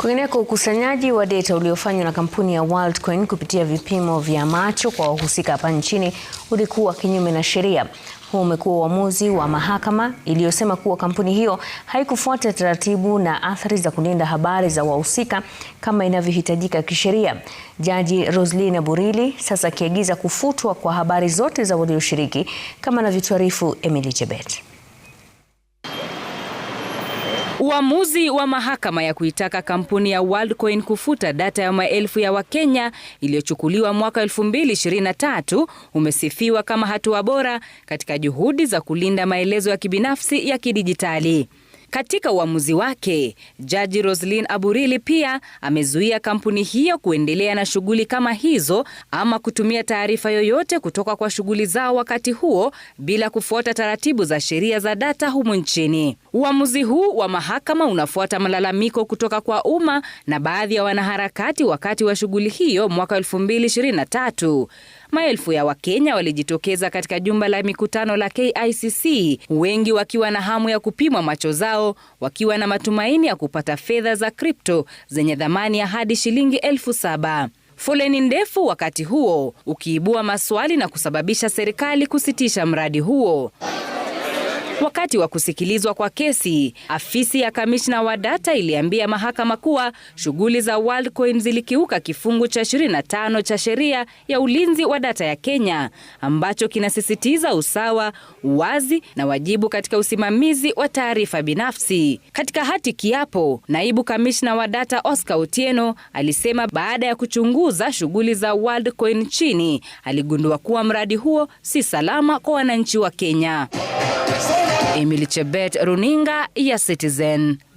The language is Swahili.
Kwingineko, ukusanyaji wa data uliofanywa na kampuni ya Worldcoin kupitia vipimo vya macho kwa wahusika hapa nchini ulikuwa kinyume na sheria. Huu umekuwa uamuzi wa mahakama iliyosema kuwa kampuni hiyo haikufuata taratibu na athari za kulinda habari za wahusika kama inavyohitajika kisheria. Jaji roslina Burili sasa akiagiza kufutwa kwa habari zote za walioshiriki, kama anavyotuarifu Emily Chebet. Uamuzi wa mahakama ya kuitaka kampuni ya Worldcoin kufuta data ya maelfu ya Wakenya iliyochukuliwa mwaka 2023 umesifiwa kama hatua bora katika juhudi za kulinda maelezo ya kibinafsi ya kidijitali. Katika uamuzi wake, Jaji Roslin Aburili pia amezuia kampuni hiyo kuendelea na shughuli kama hizo ama kutumia taarifa yoyote kutoka kwa shughuli zao wakati huo bila kufuata taratibu za sheria za data humu nchini. Uamuzi huu wa mahakama unafuata malalamiko kutoka kwa umma na baadhi ya wanaharakati wakati wa shughuli hiyo mwaka 2023. Maelfu ya Wakenya walijitokeza katika jumba la mikutano la KICC, wengi wakiwa na hamu ya kupimwa macho zao zao wakiwa na matumaini ya kupata fedha za kripto zenye thamani ya hadi shilingi elfu saba. Foleni ndefu wakati huo ukiibua maswali na kusababisha serikali kusitisha mradi huo. Wakati wa kusikilizwa kwa kesi, afisi ya kamishna wa data iliambia mahakama kuwa shughuli za Worldcoin zilikiuka kifungu cha 25 cha sheria ya ulinzi wa data ya Kenya ambacho kinasisitiza usawa, uwazi na wajibu katika usimamizi wa taarifa binafsi. Katika hati kiapo, naibu kamishna wa data Oscar Otieno alisema baada ya kuchunguza shughuli za Worldcoin chini, aligundua kuwa mradi huo si salama kwa wananchi wa Kenya. Emily Chebet, runinga ya Citizen.